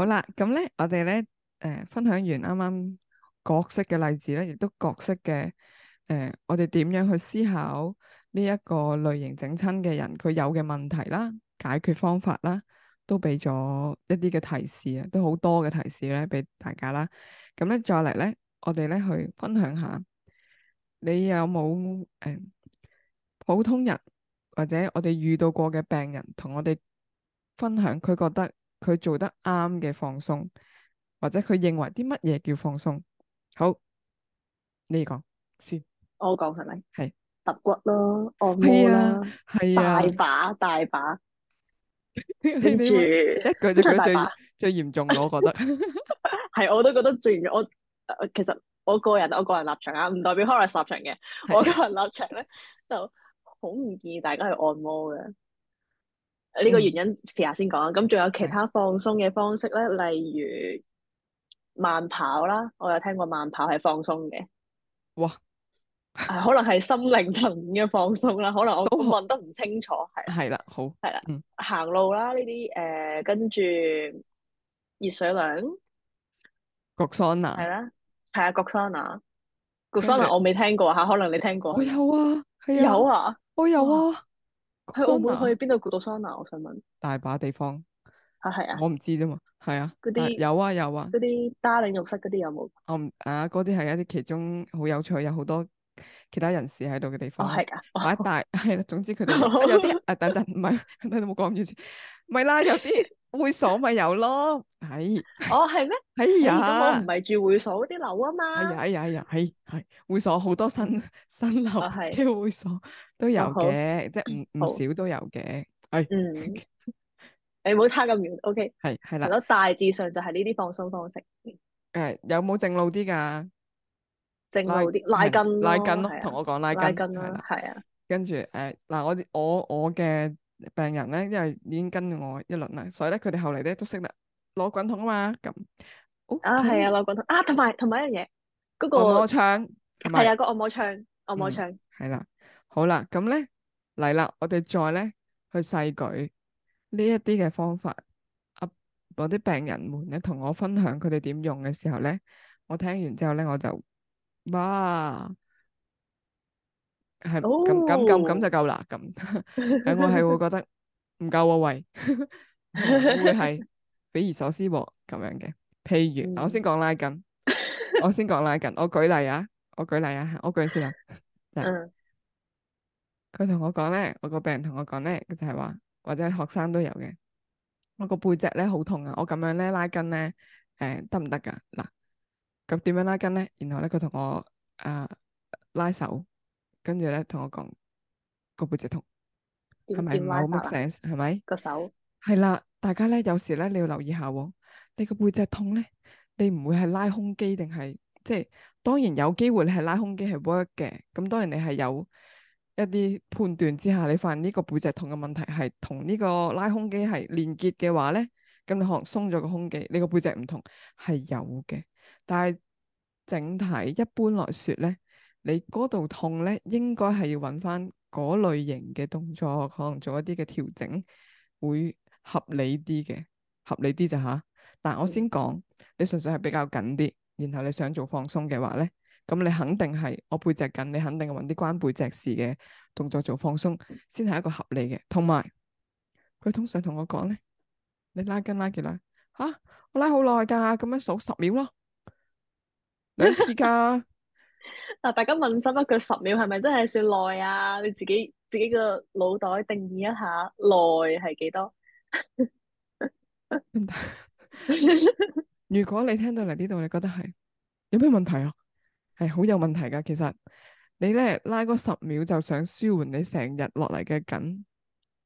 好啦，咁咧，我哋咧，誒，分享完啱啱角色嘅例子咧，亦都角色嘅，誒、呃，我哋點樣去思考呢一個類型整親嘅人，佢有嘅問題啦，解決方法啦，都俾咗一啲嘅提示啊，都好多嘅提示咧，俾大家啦。咁咧，再嚟咧，我哋咧去分享下，你有冇誒、呃，普通人或者我哋遇到過嘅病人，同我哋分享佢覺得。.佢做得啱嘅放鬆，或者佢認為啲乜嘢叫放鬆？好，你講先。我講係咪？係揼是骨咯，按摩啦，係啊，啊大，大把大把。跟住一句就最最嚴重咯，我覺得係， 我都覺得最嚴重。我其實我個人我個人立場啊，唔代表 Horis 立場嘅。我個人立場咧的就好唔建議大家去按摩嘅。呢個原因遲下先講。咁仲有其他放鬆嘅方式咧，例如慢跑啦，我有聽過慢跑係放鬆嘅。哇！可能係心靈層面嘅放鬆啦，可能我都問得唔清楚。係係啦，好係啦，行路啦呢啲誒，跟住熱水涼。g 桑 a s 係啦，係啊 g 桑 a s 桑 u 我未聽過嚇，可能你聽過。我有啊，係有啊，我有啊。喺澳門去邊度焗到桑拿？我想問。大把地方。啊係啊。我唔知啫嘛。係啊。啲有啊，些啊有啊。嗰啲 darling 浴室嗰啲有冇？我唔、嗯、啊，嗰啲係一啲其中好有趣，有好多其他人士喺度嘅地方。係噶、哦。好、啊啊、大。係啦，總之佢哋有啲 啊，啊，等陣唔係，都冇講咁多先。唔係啦，有啲。 會所咪有咯，係，哦係咩？哎呀，咁我唔係住會所嗰啲樓啊嘛，哎呀哎呀哎呀，係係會所好多新新樓，即會所都有嘅，即係唔唔少都有嘅，係，嗯，你唔好差咁遠，OK，係係啦，大致上就係呢啲放鬆方式，誒，有冇正路啲噶？正路啲拉筋，拉筋咯，同我講拉筋咯，係啊，跟住誒嗱，我我我嘅。病人咧，因為已經跟我一輪啦，所以咧佢哋後嚟咧都識得攞滾筒啊嘛，咁，哦，啊係、嗯、啊，攞滾筒啊，同埋同埋一樣嘢，嗰個按摩槍，係啊，個按摩槍，按摩槍，係啦、啊嗯啊，好啦，咁咧嚟啦，我哋再咧去細舉呢一啲嘅方法，啊，啲病人們咧同我分享佢哋點用嘅時候咧，我聽完之後咧我就哇～係咁咁咁咁就夠啦，咁，但 我係會覺得唔夠啊，喂， 會係匪夷所思喎，咁樣嘅。譬如，嗯、我先講拉筋，我先講拉筋，我舉例啊，我舉例啊，我舉先啊。佢同我講咧、 嗯， 我個病人同我講咧，就係、是、話，或者學生都有嘅，我個背脊咧好痛啊，我咁樣咧拉筋咧，誒得唔得噶？嗱、啊，咁點樣拉筋咧？然後咧佢同我誒、呃、拉手。跟住咧，同我講個背脊痛係咪唔係好 make sense？係咪個手係啦，大家咧有時咧，你要留意下哦，你個背脊痛咧，你唔會係拉胸肌定係即係。當然有機會你係拉胸肌係 work 嘅，咁當然你係有一啲判斷之下，你發現呢個背脊痛嘅問題係同呢個拉胸肌係連結嘅話咧，咁你可能鬆咗個胸肌，你個背脊唔同係有嘅，但係整體一般來說咧。你嗰度痛咧，應該係要揾翻嗰類型嘅動作，可能做一啲嘅調整會合理啲嘅，合理啲就吓。但我先講，你純粹係比較緊啲，然後你想做放鬆嘅話咧，咁你肯定係我背脊緊，你肯定揾啲關背脊事嘅動作做放鬆，先係一個合理嘅。同埋佢通常同我講咧，你拉筋拉幾耐？吓、啊，我拉好耐噶，咁樣數十秒咯，兩次噶。 嗱，大家問心一句，十秒係咪真係算耐啊？你自己自己個腦袋定義一下，耐係幾多？ 如果你聽到嚟呢度，你覺得係有咩問題啊？係好有問題噶，其實你咧拉嗰十秒就想舒緩你成日落嚟嘅緊，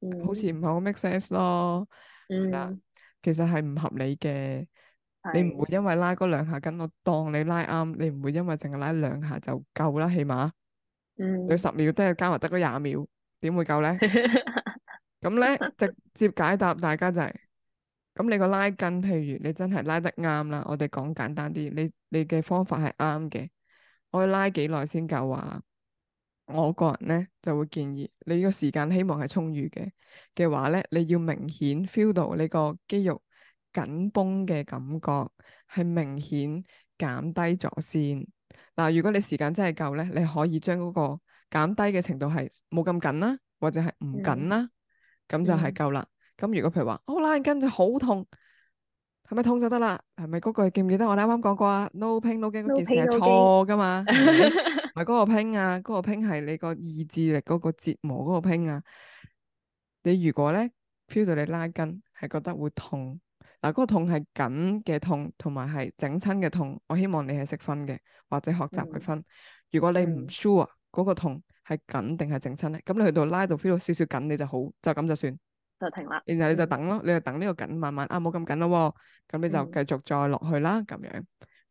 嗯、好似唔係好 make sense 咯。嗱、嗯，其實係唔合理嘅。你唔會因為拉嗰兩下筋，我當你拉啱，你唔會因為淨係拉兩下就夠啦，起碼，嗯，你十秒都要加埋得嗰廿秒，點會夠咧？咁咧 直接解答大家就係、是，咁你個拉筋，譬如你真係拉得啱啦，我哋講簡單啲，你你嘅方法係啱嘅，我要拉幾耐先夠啊？我個人咧就會建議，你個時間希望係充裕嘅，嘅話咧，你要明顯 feel 到你個肌肉。緊繃嘅感覺係明顯減低咗先。嗱、啊，如果你時間真係夠咧，你可以將嗰個減低嘅程度係冇咁緊啦，或者係唔緊啦，咁、嗯、就係夠啦。咁、嗯嗯、如果譬如話哦，拉筋就好痛，係咪痛就得啦？係咪嗰個記唔記得我哋啱啱講過啊？no pain no gain 嗰件事係錯噶嘛？唔係嗰個 pain 啊，嗰、那個 pain 係你個意志力嗰、那個折磨嗰個 pain 啊。你如果咧 feel 到你拉筋係覺得會痛。嗱，嗰、啊嗰個痛係緊嘅痛，同埋係整親嘅痛。我希望你係識分嘅，或者學習去分。如果你唔 sure 啊，嗰、嗯、個痛係緊定係整親咧，咁你去到拉到 feel 到少少緊，你就好就咁就算，就停啦。然後你就等咯，嗯、你就等呢個緊慢慢啊冇咁、啊、緊咯喎，咁你就繼續再落去啦咁、嗯、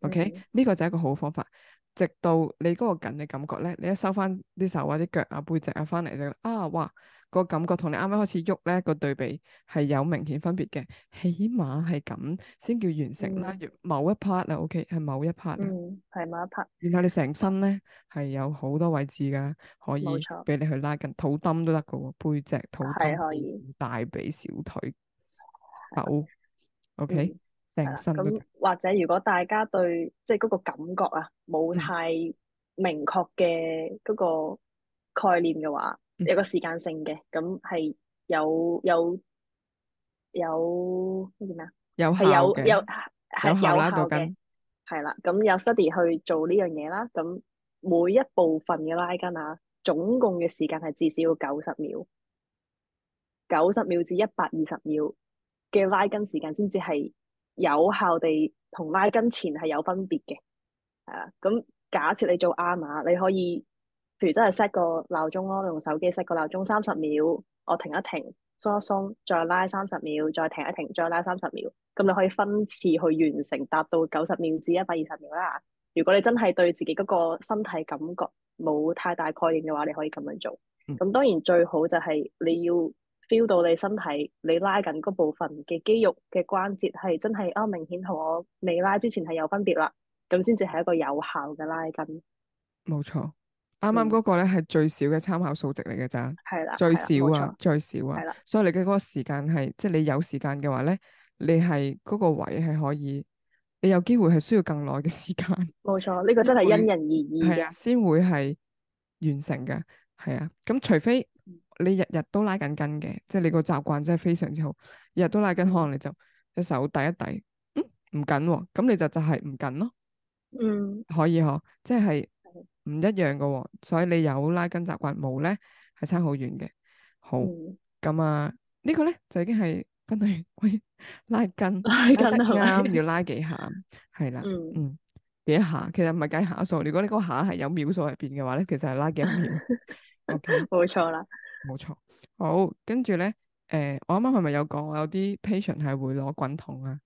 樣。OK，呢、嗯、個就係一個好方法。直到你嗰個緊嘅感覺咧，你一收翻啲手啊、啲腳啊、背脊啊翻嚟咧，啊哇！哇哇個感覺同你啱啱開始喐咧個對比係有明顯分別嘅，起碼係咁先叫完成啦。某一 part 啊，OK，係某一 part，嗯，係某一 part。然後你成身咧係有好多位置噶，可以俾你去拉緊，肚墩都得噶喎，背脊、肚墩、大髀、小腿、手，OK，成身都。咁或者如果大家對即係嗰個感覺啊，冇太明確嘅嗰個概念嘅話。有個時間性嘅，咁係有有有咩嘢啊？有效嘅。有，有效拉筋。有，有效拉到筋。係、嗯、啦，咁有 study 去做呢樣嘢啦。咁每一部分嘅拉筋啊，總共嘅時間係至少要九十秒，九十秒至一百二十秒嘅拉筋時間先至係有效地同拉筋前係有分別嘅。係啊，咁假設你做阿馬，你可以。如真係 set 個鬧鐘咯，用手機 set 個鬧鐘三十秒，我停一停，鬆一鬆，再拉三十秒，再停一停，再拉三十秒，咁你可以分次去完成，達到九十秒至一百二十秒啦。如果你真係對自己嗰個身體感覺冇太大概念嘅話，你可以咁樣做。咁、嗯、當然最好就係你要 feel 到你身體你拉緊嗰部分嘅肌肉嘅關節係真係啊、哦、明顯同我未拉之前係有分別啦，咁先至係一個有效嘅拉筋。冇錯。啱啱嗰個咧係最少嘅參考數值嚟嘅咋，係啦，最少啊，最少啊，係啦，所以你嘅嗰個時間係即係你有時間嘅話咧，你係嗰個位係可以，你有機會係需要更耐嘅時間。冇錯，呢個真係因人而異。係啊，先會係完成嘅，係啊。咁除非你日日都拉緊筋嘅，即係你個習慣真係非常之好，日日都拉筋，可能你就一手抵一抵，唔緊喎，咁你就就係唔緊咯。嗯，可以嗬，即係。唔一樣嘅喎，所以你有拉筋習慣，冇咧係差好遠嘅。好，咁啊、嗯，呢、這個咧就已經係跟對喂、哎、拉筋，拉筋啱到好要拉幾下，係啦，嗯，幾下、嗯、其實唔係計下數，如果你嗰個下係有秒數入邊嘅話咧，其實係拉幾秒，冇錯啦，冇錯。 好，跟住咧，誒、呃，我啱啱係咪有講我有啲 patient 係會攞滾筒啊？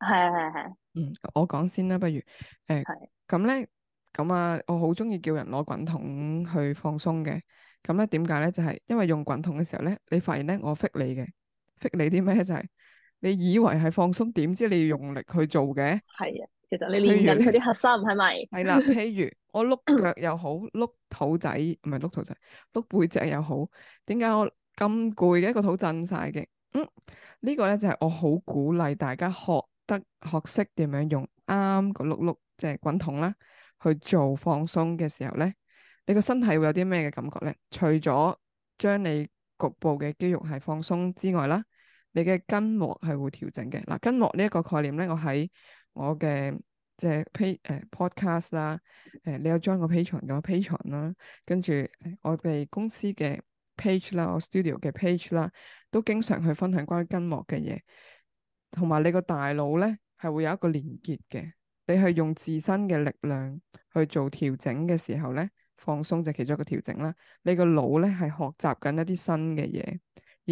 係係係。嗯，我講先啦，不如，誒，咁咧。咁啊，我好中意叫人攞滾筒去放鬆嘅。咁咧，點解咧？就係、是、因為用滾筒嘅時候咧，你發現咧我 fit 你嘅 fit 你啲咩？就係、是、你以為係放鬆，點知你要用力去做嘅。係啊，其實你練緊佢啲核心，係咪如？係啦， 譬如我碌腳又好，碌肚仔唔係碌肚仔，碌背脊又好。點解我咁攰嘅？一個肚震晒嘅。嗯，呢、這個咧就係我好鼓勵大家學得學識點樣用啱個碌碌，即係滾筒啦。去做放鬆嘅時候咧，你個身體會有啲咩嘅感覺咧？除咗將你局部嘅肌肉係放鬆之外啦，你嘅筋膜係會調整嘅。嗱，筋膜呢一個概念咧，我喺我嘅即係呸誒 podcast 啦，誒、呃、你有將我 Patreon 我 Patreon 啦，跟住我哋公司嘅 page 啦，我 studio 嘅 page 啦，都經常去分享關於筋膜嘅嘢，同埋你個大腦咧係會有一個連結嘅。你係用自身嘅力量去做調整嘅時候咧，放鬆就其中一個調整啦。你個腦咧係學習緊一啲新嘅嘢，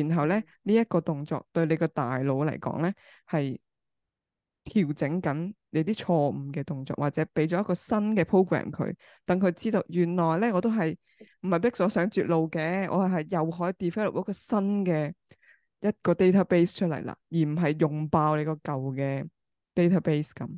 然後咧呢一個動作對你個大腦嚟講咧係調整緊你啲錯誤嘅動作，或者俾咗一個新嘅 program 佢，等佢知道原來咧我都係唔係逼咗上絕路嘅，我係又可以 develop 一個新嘅一個 database 出嚟啦，而唔係用爆你個舊嘅 database 咁。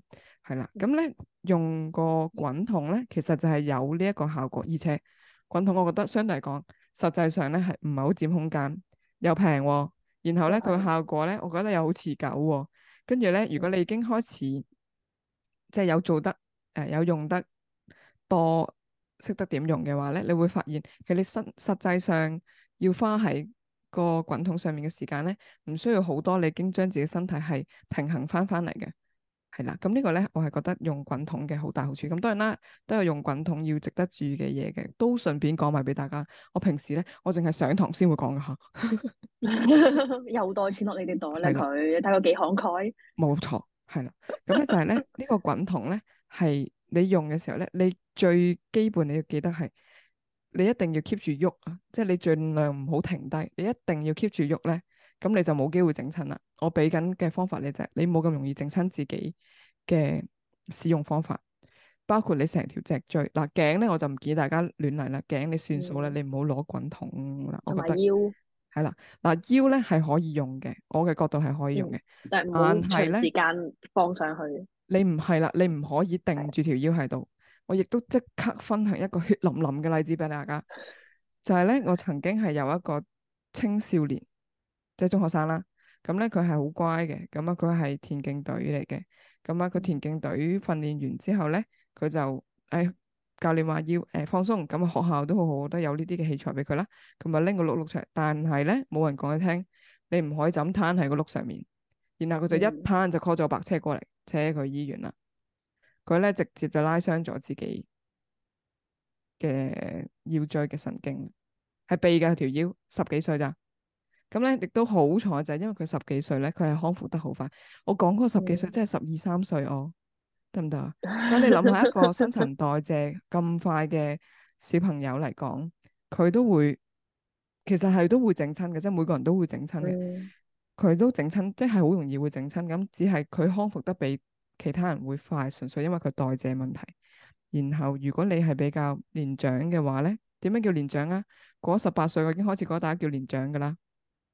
係啦，咁咧、嗯、用個滾筒咧，其實就係有呢一個效果，而且滾筒我覺得相對嚟講，實際上咧係唔係好佔空間，又平、哦，然後咧佢個效果咧，我覺得又好持久、哦。跟住咧，如果你已經開始即係、嗯、有做得誒、呃、有用得多，識得點用嘅話咧，你會發現其實你實實際上要花喺個滾筒上面嘅時間咧，唔需要好多，你已經將自己身體係平衡翻翻嚟嘅。係啦，咁呢個咧，我係覺得用滾筒嘅好大好處。咁當然啦，都係用滾筒要值得注意嘅嘢嘅，都順便講埋俾大家。我平時咧，我淨係上堂先會講噶吓。又袋錢落，你哋袋咧，佢睇吓幾慷慨。冇錯，係啦。咁咧就係咧，呢個滾筒咧係你用嘅時候咧，你最基本你要記得係，你一定要 keep 住喐啊，即係你盡量唔好停低，你一定要 keep 住喐咧，咁你就冇機會整親啦。我俾緊嘅方法你就，你冇咁容易整親自己嘅使用方法，包括你成條脊椎，嗱頸咧我就唔建議大家亂嚟啦，頸你算數咧，嗯、你唔好攞滾筒啦，我覺得腰，係啦，嗱腰咧係可以用嘅，我嘅角度係可以用嘅、嗯，但係咧時間放上去你唔係啦，你唔可以定住條腰喺度，了我亦都即刻分享一個血淋淋嘅例子俾大家，就係、是、咧我曾經係有一個青少年即係、就是、中學生啦。咁咧佢係好乖嘅，咁啊佢係田徑隊嚟嘅，咁啊佢田徑隊訓練完之後咧，佢就誒、哎、教練話要誒、哎、放鬆，咁、嗯、啊、嗯、學校都好好都有呢啲嘅器材俾佢啦，佢、嗯、啊，拎、嗯嗯、個碌碌出，嚟。但係咧冇人講佢聽，你唔可以咁攤喺個碌上面，然後佢就一攤就 call 咗白車過嚟，車佢去醫院啦，佢咧直接就拉傷咗自己嘅腰椎嘅神經，係痹噶條腰，十幾歲咋？咁咧，亦都好彩就係，因為佢十幾歲咧，佢係康復得好快。我講嗰個十幾歲，嗯、即係十二三歲哦，得唔得啊？咁你諗下一個新陳代謝咁 快嘅小朋友嚟講，佢都會其實係都會整親嘅，即係每個人都會整親嘅。佢、嗯、都整親，即係好容易會整親。咁只係佢康復得比其他人會快，純粹因為佢代謝問題。然後如果你係比較年長嘅話咧，點樣叫年長啊？過咗十八歲，我已經開始覺得，大家，叫年長噶啦。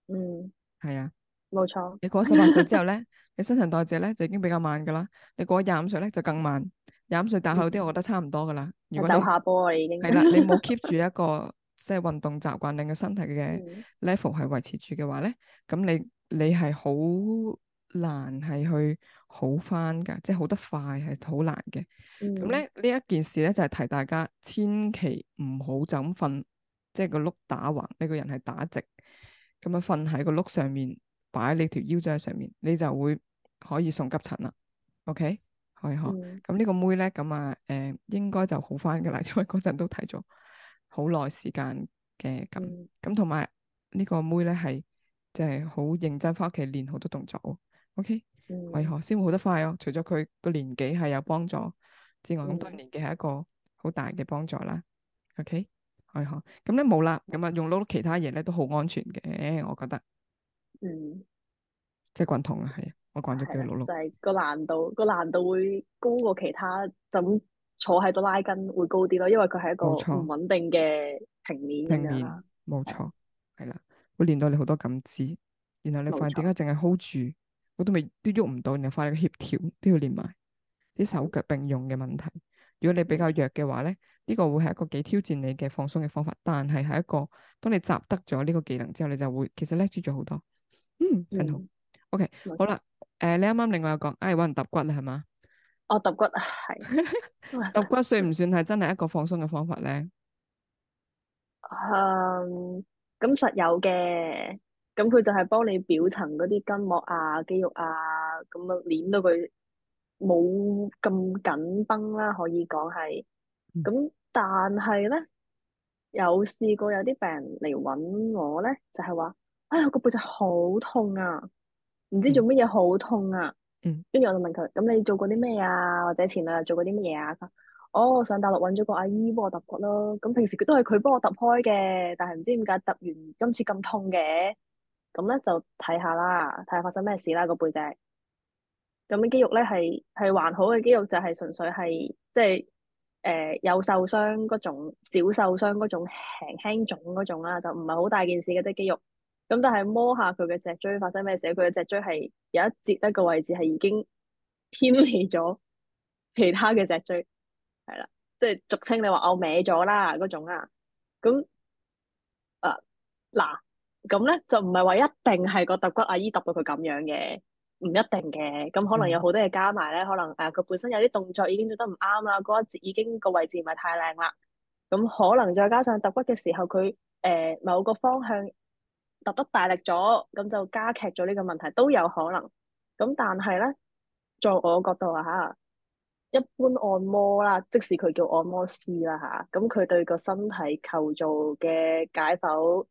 嗯，係啊，冇錯沒錯。 你過咗十八歲之後咧，你新陳代謝咧就已經比較慢噶啦。你過咗廿五歲咧就更慢。廿五歲打後啲我覺得，差唔多噶啦。我、嗯、走下坡已經係啦、 啊。你冇 keep 住一個即係運動習慣，令個身體嘅 level 係維持住嘅話咧，咁、嗯、你你係好難係去好翻噶，即係好得快係好難嘅。咁咧、嗯、呢一件事咧就係、是、提大家千祈唔好就咁瞓，嗯、 即係個碌打橫，呢、這個人係打直。咁啊，瞓喺個碌上面，擺你條腰椎喺上面，你就會可以送急診啦。OK，為何、嗯？咁呢個妹咧，咁啊，誒、呃，應該就好翻噶啦，因為嗰陣都睇咗好耐時間嘅。咁咁同埋呢個妹咧係即係好認真翻屋企練好多動作。OK，、嗯、為何先會好得快哦、啊？除咗佢個年紀係有幫助之外，咁當然、嗯、年紀係一個好大嘅幫助啦。OK。咁咧冇啦，咁啊用碌碌其他嘢咧都好安全嘅，我覺得。嗯。嗯嗯嗯即係滾筒啊，係啊，我慣咗叫佢碌碌。嗯就係、個難度個難度會高過其他，就坐喺度拉筋會高啲咯，因為佢係一個唔穩定嘅平面。平面。冇錯。係啦，會練到你好多感知，然後你發現點解淨係 hold 住，我都未都喐唔到，然後快你嘅協調都要練埋啲手腳並用嘅問題。如果你比較弱嘅話咧。呢個會係一個幾挑戰你嘅放鬆嘅方法，但係係一個，當你習得咗呢個技能之後，你就會其實叻住咗好多。嗯，很好。OK，好啦。誒，你啱啱另外又講，誒揾人揼骨啦，係嘛？哦，揼骨係。揼骨算唔算係真係一個放鬆嘅方法咧？誒、嗯，咁實有嘅。咁佢就係幫你表層嗰啲筋膜啊、肌肉啊，咁、呃、啊，捏到佢冇咁緊繃啦，可以講係。咁但係咧，有試過有啲病人嚟揾我咧，就係話：哎呀，個背脊好痛啊，唔知做乜嘢好痛啊。嗯。跟住我就問佢：咁你做過啲咩啊？或者前兩日做過啲乜嘢啊？哦，oh, 我上大陸揾咗個阿姨幫我揼骨咯。咁平時佢都係佢幫我揼開嘅，但係唔知點解揼完今次咁痛嘅。咁咧就睇下啦，睇下發生咩事啦。個背脊咁嘅肌肉咧係係還好嘅肌肉就純，就係純粹係即係。就是誒、呃、有受傷嗰種，小受傷嗰種，輕輕腫嗰種啦、啊，就唔係好大件事嘅啲肌肉。咁但係摸下佢嘅脊椎發生咩事，佢嘅脊椎係有一節一個位置係已經偏離咗其他嘅脊椎，係啦， 即係俗稱你話拗、哦、歪咗啦嗰種啊。咁啊嗱，咁、呃、咧就唔係話一定係個揼骨阿姨揼到佢咁樣嘅。唔一定嘅，咁可能有好多嘢加埋咧，嗯、可能誒佢、啊、本身有啲動作已經做得唔啱啦，嗰一節已經個位置唔係太靚啦，咁可能再加上揼骨嘅時候佢誒、呃、某個方向揼得大力咗，咁就加劇咗呢個問題都有可能。咁但係咧，在我角度啊吓，一般按摩啦，即使佢叫按摩師啦吓，咁佢對個身體構造嘅解剖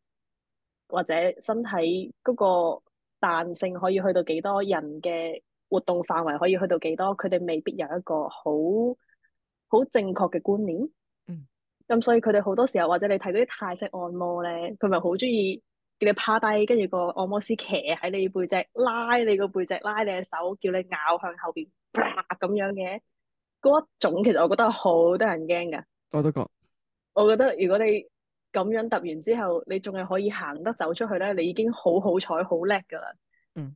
或者身體嗰、個。彈性可以去到幾多人嘅活動範圍可以去到幾多，佢哋未必有一個好好正確嘅觀念。嗯，咁所以佢哋好多時候或者你睇嗰啲泰式按摩咧，佢咪好中意叫你趴低，跟住個按摩師騎喺你背脊，拉你個背脊，拉你嘅手,手，叫你拗向後邊咁、呃、樣嘅。嗰一種其實我覺得好得人驚噶。我都覺，我覺得如果你。咁樣揼完之後，你仲係可以行得走出去咧，你已經好好彩，好叻噶啦。嗯。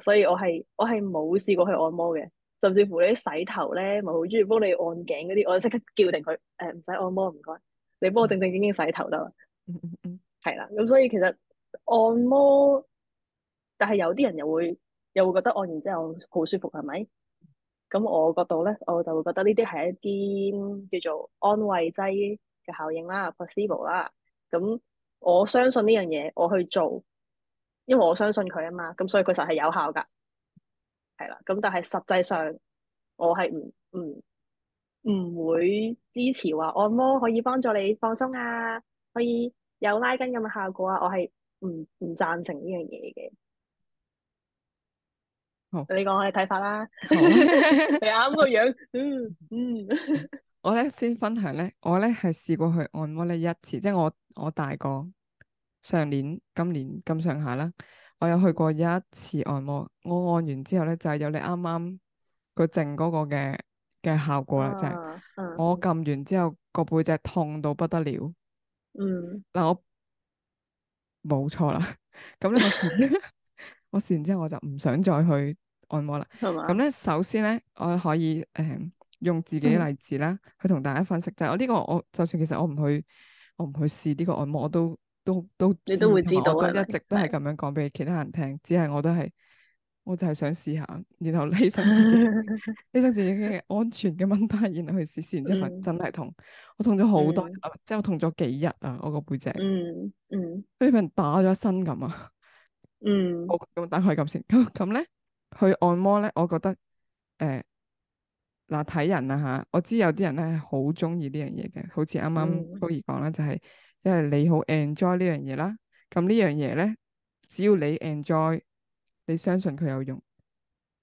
所以我係我係冇試過去按摩嘅，甚至乎你啲洗頭咧，咪好中意幫你按頸嗰啲，我即刻叫定佢，誒、嗯，唔使按摩，唔該，你幫我正正經經洗頭得啦。嗯嗯嗯。係啦，咁所以其實按摩，但係有啲人又會又會覺得按完之後好舒服，係咪？咁我角度咧，我就會覺得呢啲係一啲叫做安慰劑嘅效應啦 placebo 啦，咁我相信呢樣嘢，我去做，因為我相信佢啊嘛，咁所以佢實係有效噶。係啦，咁但係實際上我係唔唔唔會支持話按摩可以幫助你放鬆啊，可以有拉筋咁嘅效果啊，我係唔唔贊成呢樣嘢嘅。你講我嘅睇法啦，你啱個樣，嗯嗯。 我咧先分享咧，我咧係試過去按摩咧一次，即係我我大個上年、今年咁上下啦，我有去過一次按摩。我按完之後咧，就係、是、有你啱啱個靜嗰個嘅嘅效果啦，就係、是、我撳完之後個背脊痛到不得了。啊、嗯，嗱、嗯、我冇錯啦，咁 咧我 我試完之後我就唔想再去按摩啦。係嘛嗎？咁咧，首先咧我可以誒。嗯用自己嘅例子啦，去同大家分析。但、這、係、個、我呢個，我就算其實我唔去，我唔去試呢個按摩，我都都都，都你都會知道啊！一直都係咁樣講俾其他人聽，吧只係我都係，我就係想試下，然後犧牲自己，犧牲 自己嘅安全嘅問題，然後去試試、er, 嗯，然之後真係痛，我痛咗好多，嗯、即係我痛咗幾日啊！我個背脊，嗯嗯，俾人打咗身咁啊，嗯，嗯 好咁打開咁先，咁咁咧去按摩咧，我覺得誒。嗱，睇人啦、啊、吓，我知有啲人咧係好中意呢樣嘢嘅，好似啱啱福兒講啦，嗯、就係因為你好 enjoy 呢樣嘢啦。咁呢樣嘢咧，只要你 enjoy，你相信佢有用，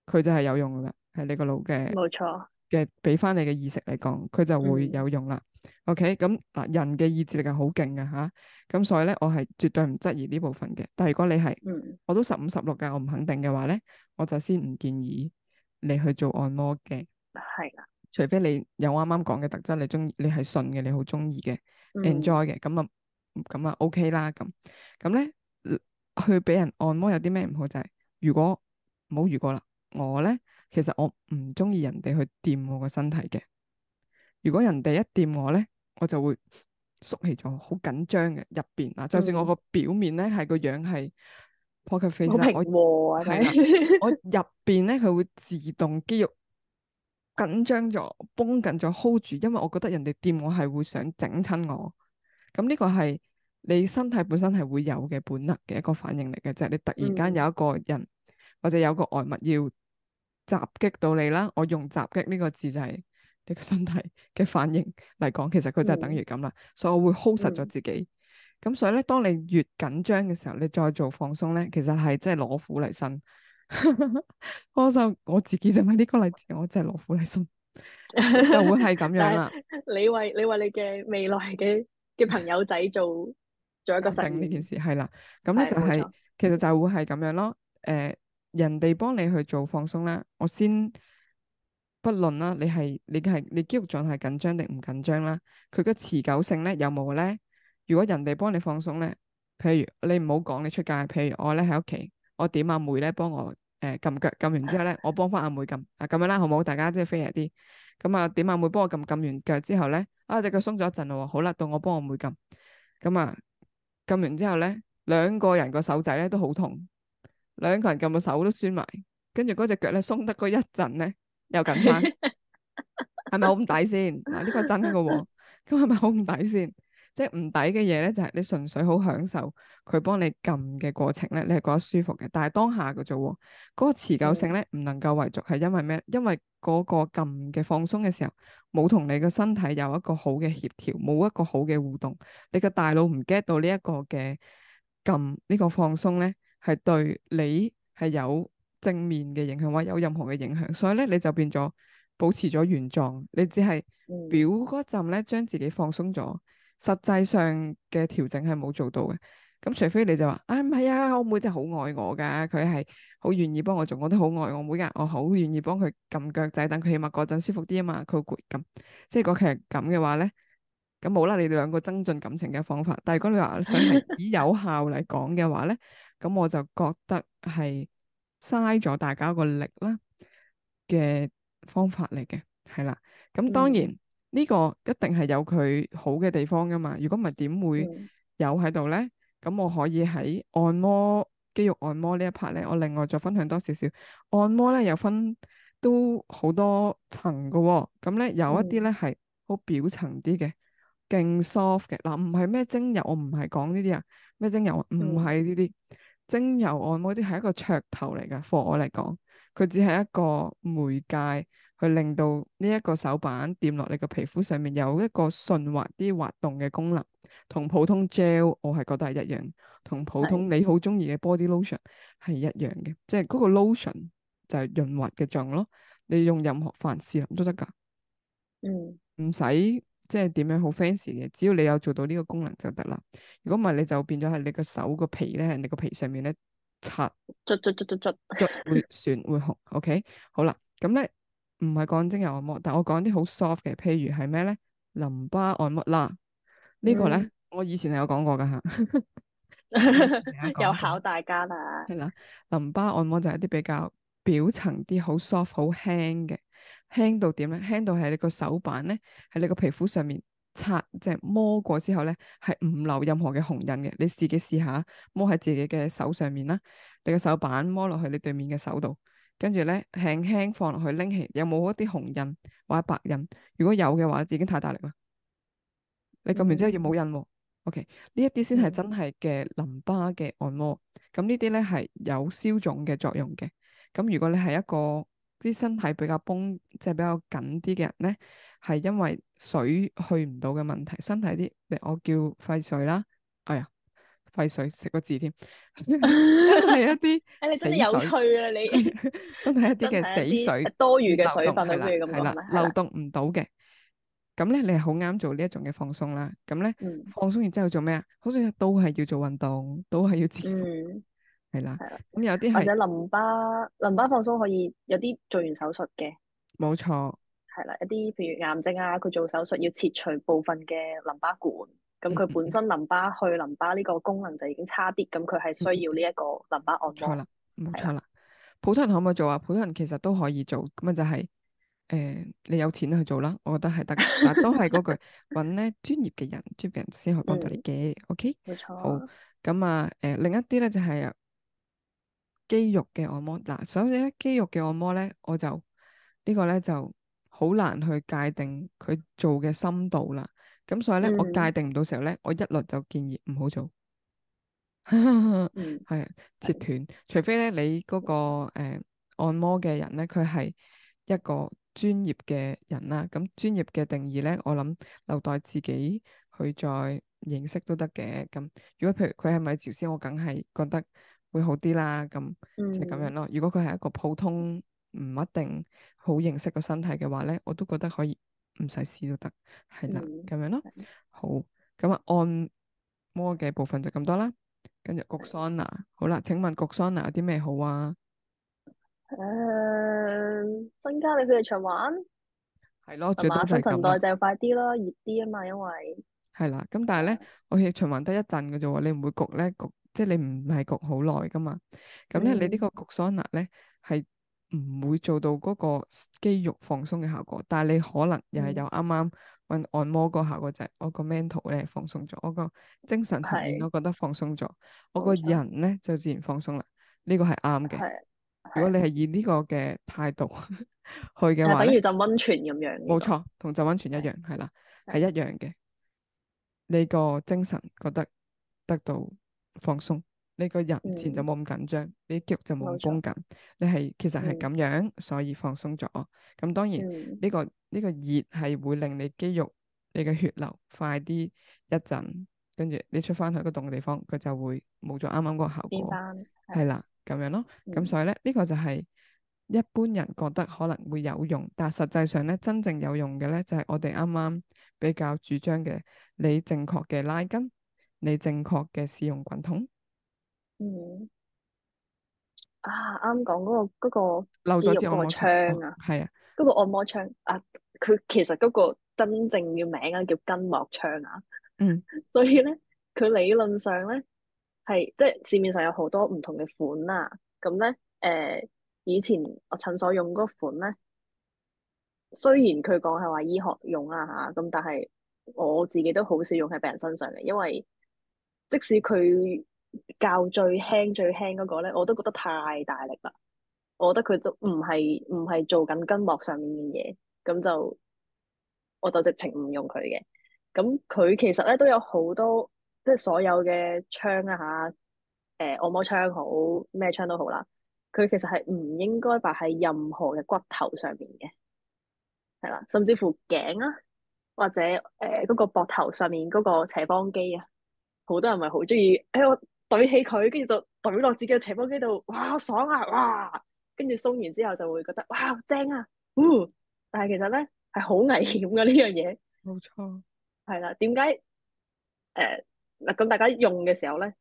佢就係有用噶啦，係你個腦嘅，冇錯嘅，俾翻你嘅意識嚟講，佢就會有用啦。嗯、OK，咁嗱，人嘅意志力係好勁㗎吓。咁所以咧，我係絕對唔質疑呢部分嘅。但係如果你係、嗯，我都十五十六㗎，我唔肯定嘅話咧，我就先唔建議你去做按摩嘅。係啦，啊、除非你有啱啱講嘅特質，你中意你係信嘅，你好中意嘅，enjoy 嘅，咁啊，咁啊、嗯、，OK 啦，咁咁咧，去俾人按摩有啲咩唔好就係、是，如果冇如果啦，我咧其實我唔中意人哋去掂我個身體嘅，如果人哋一掂我咧，我就會縮起咗，好緊張嘅入邊啊，就算我個表面咧係、嗯、個樣係 poker face 我吧 我入邊咧佢會自動肌肉。 緊張咗，繃緊咗，hold 住，因為我覺得人哋掂我係會想整親我。咁呢個係你身體本身係會有嘅本能嘅一個反應嚟嘅，就係、是、你突然間有一個人、嗯、或者有個外物要襲擊到你啦。我用襲擊呢個字就係你個身體嘅反應嚟講，其實佢就係等於咁啦。嗯、所以我會 hold 實咗自己。咁、嗯、所以咧，當你越緊張嘅時候，你再做放鬆咧，其實係即係攞苦嚟身。我就 我自己就係呢個例子，我真係落苦一心， 就會係咁樣啦 你為你為你嘅未來嘅嘅朋友仔做做一個細呢、啊、件事係啦，咁咧就係其實就，是、其實就是會係咁樣咯。誒、呃，人哋幫你去做放鬆啦。我先不論啦，你係你係你，你肌肉狀係緊張定唔緊張啦，佢嘅持久性咧有冇咧？如果人哋幫你放鬆咧，譬如你唔好講你出街，譬如我咧喺屋企。我點阿妹咧幫我誒撳、呃、腳，撳完之後咧，我幫翻阿妹撳啊咁樣啦，好冇？大家即係 fair 啲。咁、嗯、啊，點阿妹幫我撳撳完腳之後咧，啊隻腳鬆咗一陣咯，好啦，到我幫我妹撳。咁、嗯、啊，撳完之後咧，兩個人個手仔咧都好痛，兩個人撳到手都酸埋，跟住嗰隻腳咧鬆得嗰一陣咧又緊翻，係咪好唔抵先？嗱、 啊，呢、呢個真噶喎、哦，咁係咪好唔抵先？即係唔抵嘅嘢咧，就係你純粹好享受佢幫你撳嘅過程咧，你係覺得舒服嘅。但係當下嘅啫喎，嗰個持久性咧唔能夠維續，係因為咩？因為嗰個撳嘅放鬆嘅時候，冇同你嘅身體有一個好嘅協調，冇一個好嘅互動，你嘅大腦唔 get 到呢一個嘅撳呢個放鬆咧，係對你係有正面嘅影響或者有任何嘅影響，所以咧你就變咗保持咗原狀，你只係表嗰陣咧將自己放鬆咗。實際上嘅調整係冇做到嘅，咁除非你就話啊，唔係啊，我妹真係好愛我噶，佢係好願意幫我做，我都好愛我妹噶，我好願意幫佢撳腳仔，等佢起碼嗰陣舒服啲啊嘛，佢攰咁，即係如果其實咁嘅話咧，咁冇啦，你哋兩個增進感情嘅方法。但係如果你話想係以有效嚟講嘅話咧，咁 我就覺得係嘥咗大家個力啦嘅方法嚟嘅係啦，咁當然。嗯呢個一定係有佢好嘅地方噶嘛，如果唔係點會有喺度咧？咁、嗯、我可以喺按摩肌肉按摩一呢一 part 咧，我另外再分享多少少按摩咧，有分都好多層噶、哦。咁咧有一啲咧係好表層啲嘅，勁 soft 嘅嗱，唔係咩精油，我唔係講呢啲啊，咩精油，唔係呢啲精油按摩，啲係一個噱頭嚟噶，for 我嚟講，佢只係一個媒介。去令到呢一個手板掂落你個皮膚上面有一個順滑啲滑動嘅功能，同普通 gel 我係覺得係一樣，同普通你好中意嘅 body lotion 係一樣嘅，的即係嗰個 lotion 就係潤滑嘅醬咯。你用任何凡士林都得㗎，嗯，唔使即係點樣好 fancy 嘅，只要你有做到呢個功能就得啦。如果唔係你就變咗係你個手個皮咧，喺你個皮上面咧擦捽捽捽捽捽捽，會損會紅。 OK，好啦，咁咧。唔係講精油按摩，但我講啲好 soft 嘅，譬如係咩咧？淋巴按摩啦，這個、呢個咧、嗯、我以前係有講過噶吓，又 考大家啦。係啦，淋巴按摩就係啲比較表層啲，好 soft、好輕嘅，輕到點咧？輕到喺你個手板咧，喺你個皮膚上面擦，即、就、係、是、摸過之後咧，係唔留任何嘅紅印嘅。你自己試下，摸喺自己嘅手上面啦，你個手板摸落去你對面嘅手度。跟住咧，輕輕放落去，拎起，有冇一啲紅印或者白印？如果有嘅話，已經太大力啦。你撳完之後要冇印喎、哦。嗯、OK，呢一啲先係真係嘅淋巴嘅按摩。咁呢啲咧係有消腫嘅作用嘅。咁如果你係一個啲身體比較崩，即、就、係、是、比較緊啲嘅人咧，係因為水去唔到嘅問題，身體啲我叫廢水啦。哎呀。廢水食個字添，係 一啲死你，真係一啲嘅死水，多餘嘅水分都要咁流動唔到嘅。咁咧，你係好啱做呢一種嘅放鬆啦。咁咧，嗯、放鬆完之後做咩啊？好似都係要做運動，都係要接，係啦、嗯，係啦。咁有啲或者淋巴淋巴放鬆可以有啲做完手術嘅，冇錯錯，係啦。一啲譬如癌症啊，佢做手術要切除部分嘅淋巴管。咁佢本身淋巴去淋巴呢個功能就已經差啲，咁佢係需要呢一個淋巴按摩。嗯、錯啦，冇錯啦。普通人可唔可以做啊？普通人其實都可以做，咁啊就係、是、誒、呃，你有錢去做啦，我覺得係得， 但係都係嗰句，搵咧專業嘅人，專業嘅人先可以幫到你嘅。OK，冇錯。Okay? 錯好，咁啊，誒、呃，另一啲咧就係、是、肌肉嘅按摩。嗱、啊，所以咧肌肉嘅按摩咧，我就、這個、呢個咧就好難去界定佢做嘅深度啦。咁所以咧，嗯、我界定唔到時候咧，我一律就建議唔好做，係 切斷。嗯、除非咧，你嗰、那個、呃、按摩嘅人咧，佢係一個專業嘅人啦、啊。咁、嗯、專業嘅定義咧，我諗留待自己去再認識都得嘅。咁如果譬如佢係咪朝師，我梗係覺得會好啲啦。咁就咁樣咯。嗯、如果佢係一個普通唔一定好認識個身體嘅話咧，我都覺得可以。唔使試都得，係啦，咁、嗯、樣咯，好，咁啊按摩嘅部分就咁多啦，跟住焗桑拿，好啦，請問焗桑拿有啲咩好啊？誒、呃，增加你血液循環，係了咯，同埋新陳代謝快啲咯，熱啲啊嘛，因為係啦，咁但係咧，我血液循環得一陣㗎啫喎，你唔會焗咧焗，即係你唔係焗好耐噶嘛，咁咧、嗯、你呢個焗桑拿咧係。唔會做到嗰個肌肉放鬆嘅效果，但係你可能又係有啱啱揾按摩個效果，嗯、就係我個 mental 咧放鬆咗，我個精神層面是我覺得放鬆咗，鬆我個人咧就自然放鬆啦。呢個係啱嘅。如果你係以個態 呢個嘅態度去嘅話，等於浸温泉咁樣。冇錯，同浸温泉一樣，係啦是，係一樣嘅。你個精神覺得得到放鬆。你個人前就冇咁緊張，嗯、你腳就冇咁繃緊。錯你係其實係咁樣，嗯、所以放鬆咗。咁當然呢、嗯、這個呢、這個熱係會令你肌肉、你嘅血流快啲一陣，跟住你出翻去一個凍嘅地方，佢就會冇咗啱啱嗰個效果。係啦，咁樣咯。咁、嗯、所以咧，呢、這個就係一般人覺得可能會有用，但實際上咧，真正有用嘅咧就係、是、我哋啱啱比較主張嘅你正確嘅拉筋，你正確嘅使用滾筒。嗯，啊，啱講嗰個嗰、那個漏咗個槍啊，係啊，嗰個按摩槍啊，佢其實嗰個真正嘅名啊叫筋膜槍啊，嗯， 所以咧，佢理論上咧係即係市面上有好多唔同嘅款啊，咁咧，誒、呃，以前我診所用嗰款咧，雖然佢講係話醫學用啊吓，咁但係我自己都好少用喺病人身上嘅，因為即使佢。較最輕最輕嗰個咧，我都覺得太大力啦。我覺得佢就唔係唔係做緊筋膜上面嘅嘢，咁就我就直情唔用佢嘅。咁佢其實咧都有好多，即係所有嘅槍啊，吓，誒按摩槍好，咩槍都好啦。佢其實係唔應該擺喺任何嘅骨頭上面嘅，係啦，甚至乎頸啊，或者誒嗰個膊頭上面嗰個斜方肌啊，好多人咪好中意喺我，哎懟起佢，跟住就懟落自己嘅斜方肌度，哇爽啊，哇！跟住鬆完之後就會覺得哇正啊，嗚！但係其實咧係好危險嘅呢樣嘢，冇錯。係啦，點解？誒、呃，嗱，咁大家用嘅時候咧，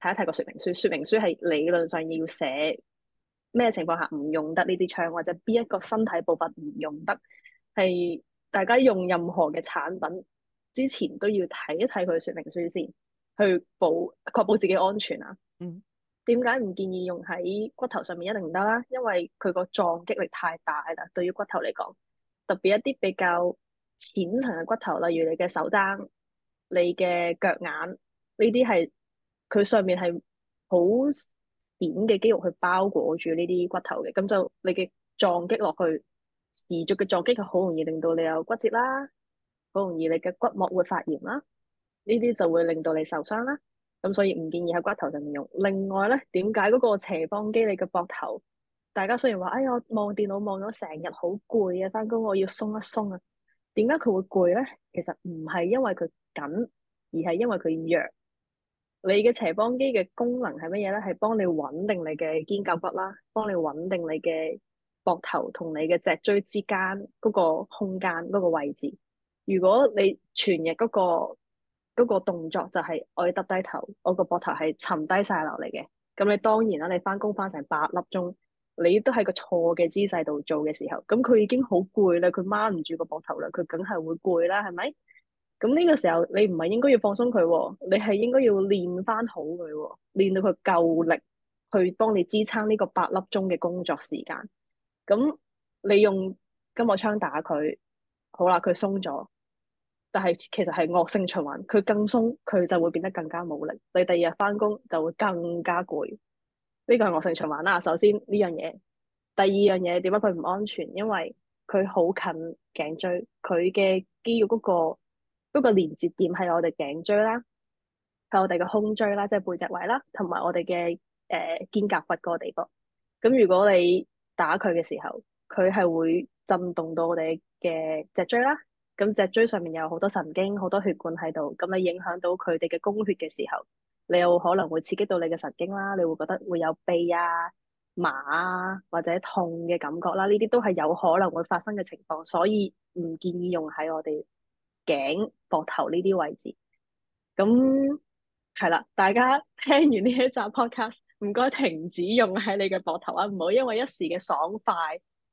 睇一睇個說明書。說明書係理論上要寫咩情況下唔用得呢支槍，或者邊一個身體部分唔用得。係，大家用任何嘅產品之前都要睇一睇佢說明書先。去保確保自己安全啊！嗯，點解唔建議用喺骨頭上面？一定唔得啦，因為佢個撞擊力太大啦，對於骨頭嚟講，特別一啲比較淺層嘅骨頭，例如你嘅手踭、嗯、你嘅腳眼呢啲係佢上面係好扁嘅肌肉去包裹住呢啲骨頭嘅，咁就你嘅撞擊落去持續嘅撞擊，就好容易令到你有骨折啦，好容易你嘅骨膜會發炎啦。呢啲就會令到你受傷啦，咁所以唔建議喺骨頭上面用。另外咧，點解嗰個斜方肌你嘅膊頭？大家雖然話：哎呀，望電腦望咗成日好攰啊！翻工我要鬆一鬆啊。點解佢會攰咧？其實唔係因為佢緊，而係因為佢弱。你嘅斜方肌嘅功能係乜嘢咧？係幫你穩定你嘅肩胛骨啦，幫你穩定你嘅膊頭同你嘅脊椎之間嗰個空間，嗰個位置。如果你全日嗰個嗰個動作就係、是、我要耷低頭，我個膊頭係沉低晒落嚟嘅。咁你當然啦，你翻工翻成八粒鐘，你都喺個錯嘅姿勢度做嘅時候，咁佢已經好攰啦，佢掹唔住個膊頭啦，佢梗係會攰啦，係咪？咁呢個時候你唔係應該要放鬆佢喎，你係應該要練翻好佢喎，練到佢夠力去幫你支撐呢個八粒鐘嘅工作時間。咁你用筋膜槍打佢，好啦，佢鬆咗。但係其實係惡性循環，佢更鬆，佢就會變得更加冇力。你第二日翻工就會更加攰。呢個係惡性循環啦。首先呢樣嘢，第二樣嘢點解佢唔安全？因為佢好近頸椎，佢嘅肌肉嗰個嗰個連接點係我哋頸椎啦，係我哋嘅胸椎啦，即係背脊位啦，同埋我哋嘅誒肩胛骨嗰個地方。咁如果你打佢嘅時候，佢係會震動到我哋嘅脊椎啦。咁脊椎上面有好多神經、好多血管喺度，咁你影響到佢哋嘅供血嘅時候，你有可能會刺激到你嘅神經啦，你會覺得會有痹啊、麻啊或者痛嘅感覺啦，呢啲都係有可能會發生嘅情況，所以唔建議用喺我哋頸、膊頭呢啲位置。咁係啦，大家聽完呢一集 podcast，唔該停止用喺你嘅膊頭啊，唔好因為一時嘅爽快，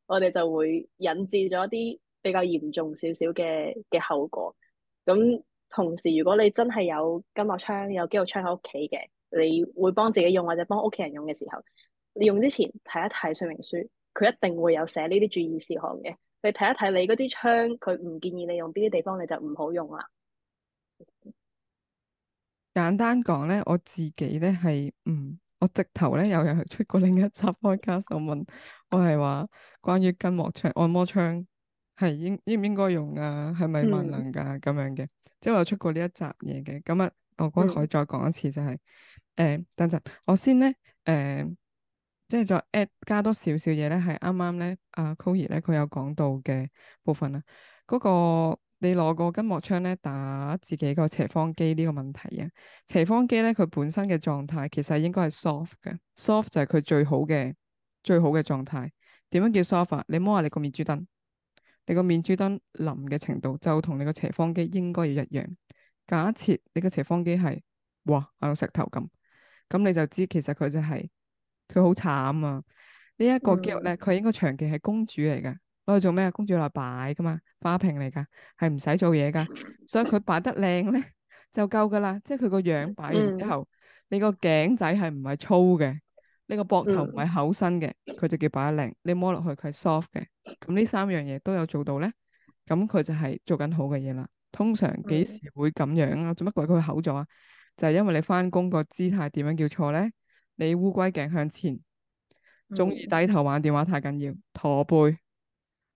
我哋就會引致咗啲。比較嚴重少少嘅嘅後果。咁同時，如果你真係有筋膜槍、有肌肉槍喺屋企嘅，你會幫自己用或者幫屋企人用嘅時候，你用之前睇一睇說明書，佢一定會有寫呢啲注意事項嘅。你睇一睇你嗰支槍，佢唔建議你用邊啲地方，你就唔好用啦。簡單講咧，我自己咧係，嗯，我直頭咧有人出過另一集 Podcast 問我係話關於筋膜槍、按摩槍。係應應唔應該用啊？係咪萬能噶咁、啊、樣嘅？即係我有出過呢一集嘢嘅咁啊，我覺得可以再講一次就係、是、誒、嗯呃，等陣我先咧誒、呃，即係再 at 加多少少嘢咧，係啱啱咧阿 Chloe 咧佢有講到嘅部分啊。嗰、那個你攞個筋膜槍咧打自己個斜方肌呢個問題啊？斜方肌咧佢本身嘅狀態其實應該係 soft 嘅，soft 就係佢最好嘅最好嘅狀態。點樣叫 soft？啊、你摸下你個面珠墩。你個面珠燈淋嘅程度就同你個斜方肌應該要一樣。假設你個斜方肌係哇硬到石頭咁，咁你就知其實佢就係佢好慘啊。這個、呢一個肌肉咧，佢應該長期係公主嚟噶。攞嚟做咩啊？公主嚟擺噶嘛，花瓶嚟噶，係唔使做嘢噶。所以佢擺得靚咧就夠噶啦，即係佢個樣擺完之後，嗯、你個頸仔係唔係粗嘅？呢個膊頭唔係厚身嘅，佢、嗯、就叫擺得靚。你摸落去佢係 soft 嘅，咁呢三樣嘢都有做到咧，咁佢就係做緊好嘅嘢啦。通常幾時會咁樣啊？做乜、嗯、鬼佢厚咗啊？就係、是、因為你翻工個姿態點樣叫錯咧？你烏龜頸向前，鍾意低頭玩電話太緊要，駝背，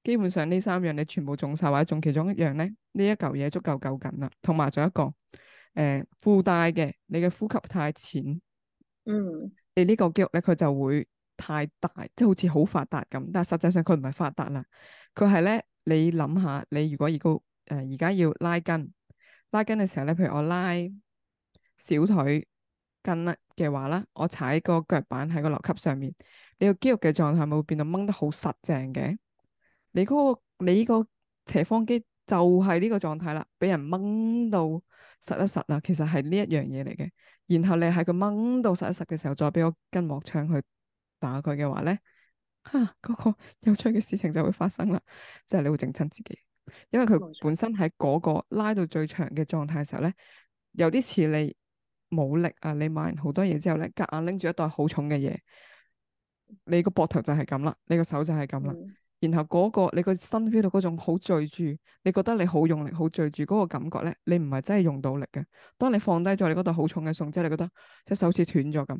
基本上呢三樣你全部中晒或者中其中一樣咧，呢一嚿嘢足夠夠緊啦。同埋仲有一個，誒、呃，負大嘅，你嘅呼吸太淺，嗯。你呢個肌肉咧，佢就會太大，即係好似好發達咁，但係實際上佢唔係發達啦，佢係咧，你諗下，你如果而家誒而家要拉筋，拉筋嘅時候咧，譬如我拉小腿筋嘅話啦，我踩個腳板喺個樓級上面，你個肌肉嘅狀態咪會變到掹得好實淨嘅，你嗰、呢個你個斜方肌就係呢個狀態啦，俾人掹到實一實啦，其實係呢一樣嘢嚟嘅。然後你喺佢掹到實一實嘅時候，再俾個筋膜槍去打佢嘅話咧，吓、啊、嗰個有趣嘅事情就會發生啦，即係你會整親自己，因為佢本身喺嗰個拉到最長嘅狀態嘅時候咧，有啲似你冇力啊，你買完好多嘢之後咧，夾硬拎住一袋好重嘅嘢，你個膊頭就係咁啦，你個手就係咁啦。嗯然後嗰、那個你個身 feel 到嗰種好聚住，你覺得你好用力好聚住嗰、那個感覺咧，你唔係真係用到力嘅。當你放低咗你嗰度好重嘅餸之後，你覺得即係手似斷咗咁，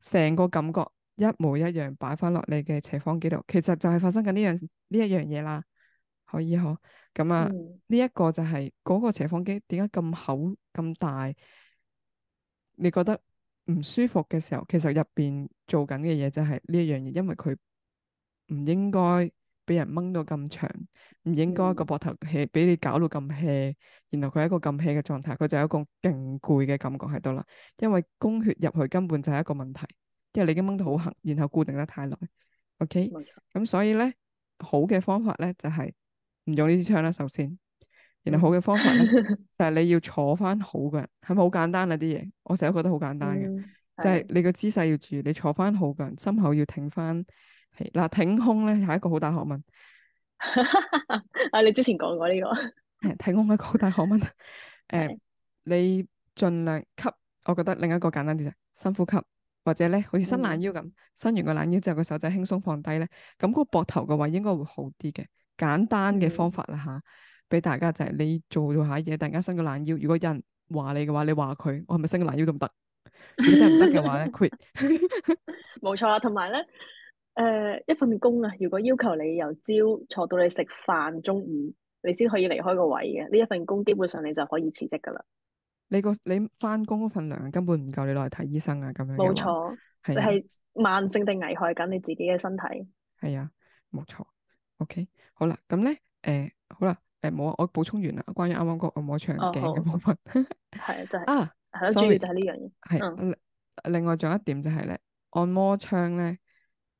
成個感覺一模一樣擺翻落你嘅斜方肌度，其實就係發生緊呢樣呢一樣嘢啦。可以嗬？咁啊，呢一、嗯、個就係、是、嗰、那個斜方肌點解咁厚咁大？你覺得唔舒服嘅時候，其實入邊做緊嘅嘢就係呢一樣嘢，因為佢唔應該。俾人掹到咁長，唔應該個膊頭 hea 俾你搞到咁 hea，然後佢係一個咁 hea 嘅狀態，佢就有一個勁攰嘅感覺喺度啦。因為供血入去根本就係一個問題，因為你已經掹到好痕，然後固定得太耐。OK，咁錯所以咧好嘅方法咧就係、是、唔用呢支槍啦。首先，然後好嘅方法咧 就係你要坐翻好嘅，係咪好簡單啊啲嘢？我成日都覺得好簡單嘅，嗯、就係你個姿勢要注意，你坐翻好嘅，心口要挺翻。嗱，挺胸咧係一個好大學問。啊，你之前講過呢個。誒，挺胸係一個好大學問。誒，你盡量吸，我覺得另一個簡單啲就深呼吸，或者咧好似伸懶腰咁，伸完個懶腰之後個手仔輕鬆放低咧，咁個膊頭嘅話應該會好啲嘅。簡單嘅方法啦吓，俾大家就係你做做下嘢，突然間，伸個懶腰。如果有人話你嘅話，你話佢，我係咪伸個懶腰都唔得？如果真係唔得嘅話咧，quit。冇錯啦，同埋咧。誒、呃，一份工啊，如果要求你由朝坐到你食飯中午，你先可以離開個位嘅，呢一份工基本上你就可以辭職噶啦。你個你翻工嗰份糧根本唔夠你攞嚟睇醫生啊，咁樣。冇錯，係、啊、慢性定危害緊你自己嘅身體。係啊，冇錯。OK，好啦，咁咧，誒、呃，好啦，誒、呃，冇啊，我補充完啦，關於啱啱嗰個按摩槍嘅部分。係就係啊， s 啊主要就係呢樣嘢。係、嗯、另外仲有，有一點，點就係咧，按摩槍咧。 s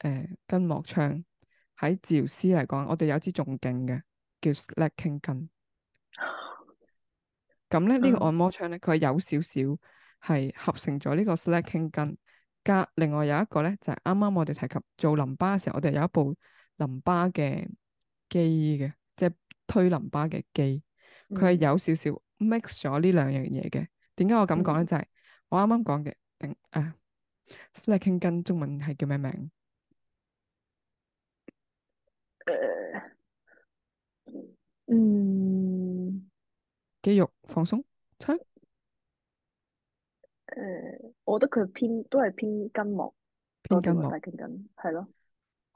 誒，筋膜槍喺治療師嚟講，我哋有支仲勁嘅叫 slacking 筋。咁咧呢、嗯、個按摩槍咧，佢係有少少係合成咗呢個 slacking 筋加另外有一個咧就係啱啱我哋提及做淋巴嘅時候，我哋有一部淋巴嘅機嘅，即係推淋巴嘅機。佢係有少少 mix 咗呢兩樣嘢嘅。點解我咁講咧？嗯、就係我啱啱講嘅定誒 slacking 筋中文係叫咩名？誒，uh, 嗯，肌肉放鬆，唱。誒，uh, 我覺得佢偏都係偏筋膜，偏筋膜筋筋，係咯。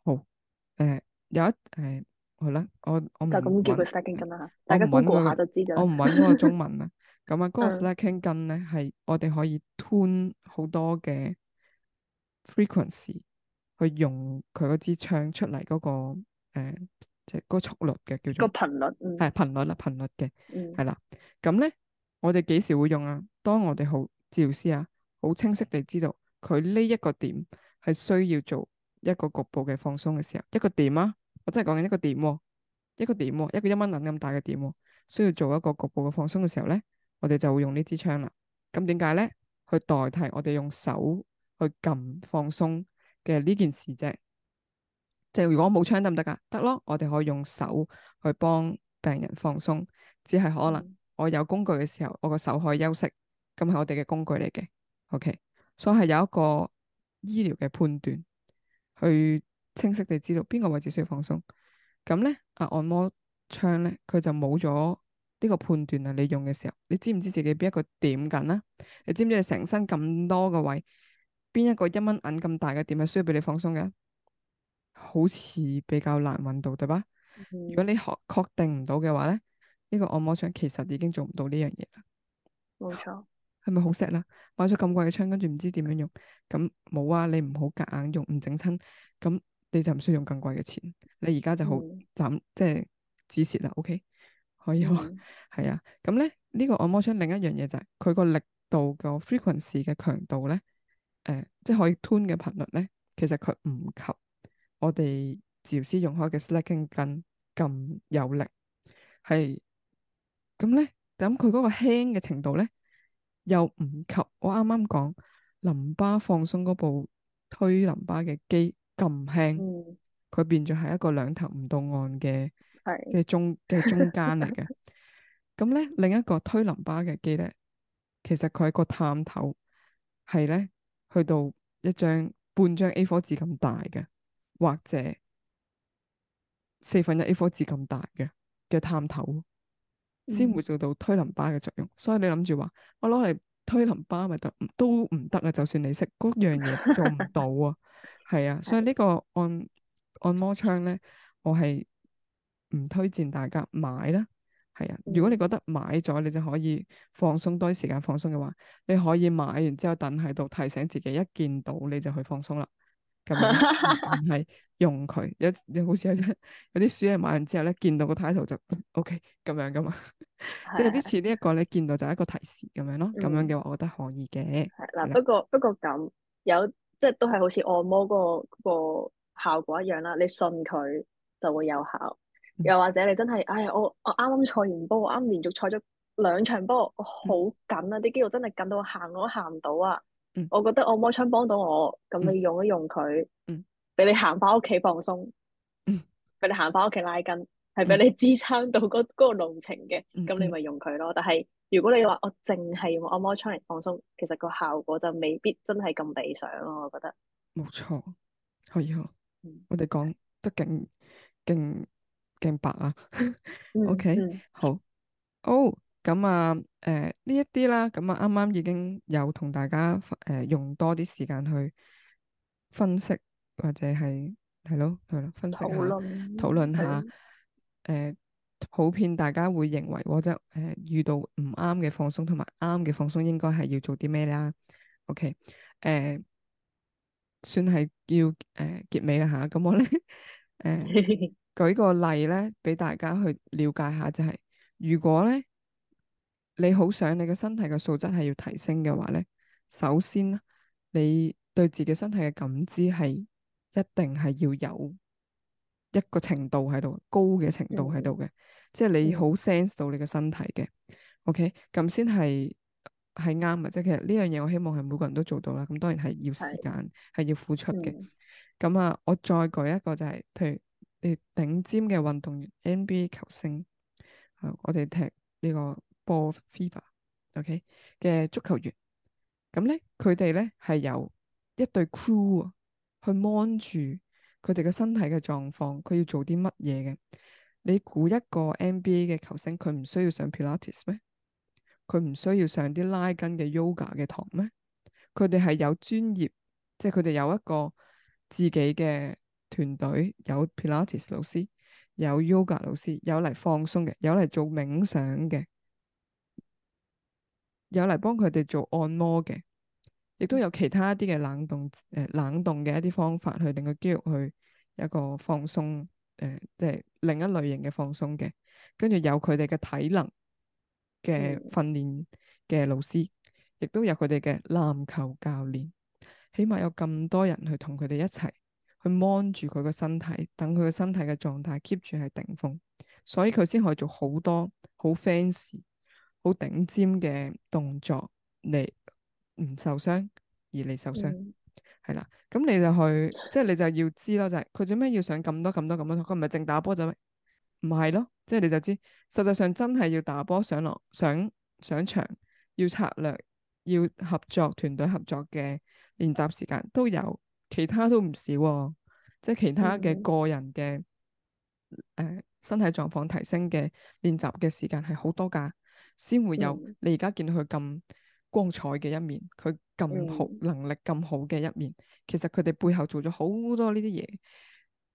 好，誒、呃，有一誒，係、呃、啦，我我就咁叫佢筋啦吓，大家聽過下就知咗。我唔搵嗰個中文啦。咁啊， 嗰個 slack 筋筋咧係我哋可以吞好多嘅 frequency 去用佢嗰支唱出嚟嗰、那個。誒，即係嗰個速率嘅叫做個頻率，係、嗯、頻率啦，頻率嘅係啦。咁咧、嗯，我哋幾時會用啊？當我哋好治療師啊，好清晰地知道佢呢一個點係需要做一個局部嘅放鬆嘅時候，一個點啊，我真係講緊一個點、啊，一個點、啊，一個一蚊銀咁大嘅點、啊，需要做一個局部嘅放鬆嘅時候咧，我哋就會用呢支槍啦。咁點解咧？去代替我哋用手去撳放鬆嘅呢件事啫。就如果冇槍得唔得噶？得咯，我哋可以用手去幫病人放鬆，只係可能我有工具嘅時候，我個手可以休息，咁係我哋嘅工具嚟嘅。OK，所以係有一個醫療嘅判斷，去清晰地知道邊個位置需要放鬆。咁咧，啊按摩槍咧，佢就冇咗呢個判斷啦。你用嘅時候，你知唔知自己邊一個點緊呀？你知唔知你成身咁多個位，邊一個一蚊銀咁大嘅點係需要俾你放鬆嘅？好似比較難揾到，對吧？嗯、如果你學確定唔到嘅話咧，呢、這個按摩槍其實已經做唔到呢樣嘢啦。冇錯錯，係咪好 set 啦？買咗咁貴嘅槍，跟住唔知點樣用，咁、嗯、冇啊！你唔好夾硬用，唔整親，咁你就唔需要用更貴嘅錢。你而家就好暫、嗯、即係止蝕啦，OK？可以喎，係、嗯、 啊。咁咧呢、這個按摩槍另一樣嘢就係佢個力度個 frequency 嘅強度咧，誒、呃，即係可以 tune 嘅頻率咧，其實佢唔及。我哋治療師用開嘅 slacking 筋咁有力，係咁咧，咁佢嗰個輕嘅程度咧，又唔及我啱啱講淋巴放鬆嗰部推淋巴嘅機咁輕，佢、嗯、變咗係一個兩頭唔到岸嘅嘅中嘅中間嚟嘅。咁咧， 另一個推淋巴嘅機咧，其實佢係個探頭，係咧去到一張半張 A4 紙咁大嘅。或者四分一 A4 紙咁大嘅嘅探頭，先、嗯、會做到推淋巴嘅作用。所以你諗住話，我攞嚟推淋巴咪得，都唔得啊！就算你食嗰樣嘢做唔到啊，係 啊。所以個 on, on 呢個按按摩槍咧，我係唔推薦大家買啦。係啊，如果你覺得買咗你就可以放鬆多啲時間放鬆嘅話，你可以買完之後等喺度提醒自己，一見到你就去放鬆啦。咁 樣唔係用佢，有有好似有啲有啲書咧買完之後咧，見到個 title 就 OK 咁樣噶嘛，即係有啲似呢一個咧，見到就係一個提示咁樣咯。咁、嗯、樣嘅話，我覺得可以嘅。係嗱，不過不過咁有即係都係好似按摩嗰、那個那個效果一樣啦。你信佢就會有效，嗯、又或者你真係唉、哎，我我啱啱賽完波，啱啱連續賽咗兩場波，我好緊啊！啲、嗯、肌肉真係緊到行我都行唔到啊！ 我覺得按摩槍幫到我，咁你用一用佢，俾 你行翻屋企放鬆，俾 你行翻屋企拉筋，係俾你支撐到嗰、那、嗰個路、那個、程嘅，咁你咪用佢咯。但係如果你話我淨係用按摩槍嚟放鬆，其實個效果就未必真係咁理想咯、啊。我覺得，冇錯，係 啊，我哋講得勁勁勁白啊，OK， 好，哦、oh.。咁啊，誒呢一啲啦，咁啊啱啱已經有同大家誒、呃、用多啲時間去分析，或者係係咯係咯分析討論下，誒普遍大家會認為或者誒、呃、遇到唔啱嘅放鬆同埋啱嘅放鬆應該係要做啲咩啦？OK，誒、呃、算係要誒、呃、結尾啦吓，咁、啊、我咧誒、 呃、舉個例咧俾大家去了解下，就係、是、如果咧。你好想你嘅身體嘅素質係要提升嘅話咧，首先你對自己身體嘅感知係一定係要有一個程度喺度高嘅程度喺度嘅，即係你好 sense 到你嘅身體嘅。OK，咁先係係啱嘅，即係其實呢樣嘢，我希望係每個人都做到啦。咁當然係要時間，係是要付出嘅。咁、嗯、啊，我再舉一個就係、是，譬如你頂尖嘅運動員 NBA 球星，啊，我哋踢呢、這個。Fever、okay? k 嘅足球員咁咧，佢哋咧係由一隊 crew 去監住佢哋嘅身體嘅狀況，佢要做啲乜嘢嘅？你估一個 NBA 嘅球星，佢唔需要上 Pilates 咩？佢唔需要上啲拉筋嘅 Yoga 嘅堂咩？佢哋係有專業，即係佢哋有一個自己嘅團隊，有 Pilates 老師，有 Yoga 老師，有嚟放鬆嘅，有嚟做冥想嘅。有嚟幫佢哋做按摩嘅，亦都有其他一啲嘅冷凍誒、呃、冷凍嘅一啲方法去令個肌肉去有一個放鬆誒、呃，即係另一類型嘅放鬆嘅。跟住有佢哋嘅體能嘅訓練嘅老師，亦都有佢哋嘅籃球教練，起碼有咁多人去同佢哋一齊去芒住佢個身體，等佢個身體嘅狀態 keep 住係頂峰，所以佢先可以做好多好 fans。好頂尖嘅動作嚟，唔受傷而嚟受傷，係啦、嗯。咁你就去，即係你就要知咯，就係佢做咩要上咁多咁多咁多，佢唔係淨打波咗咩？唔係咯，即係你就知，實際上真係要打波上落上上場，要策略，要合作團隊合作嘅練習時間都有，其他都唔少啊。即係其他嘅個人嘅誒身體狀況提升嘅練習嘅時間係好多噶。先會有、嗯、你而家見到佢咁光彩嘅一面，佢咁好、嗯、能力咁好嘅一面，其實佢哋背後做咗好多呢啲嘢，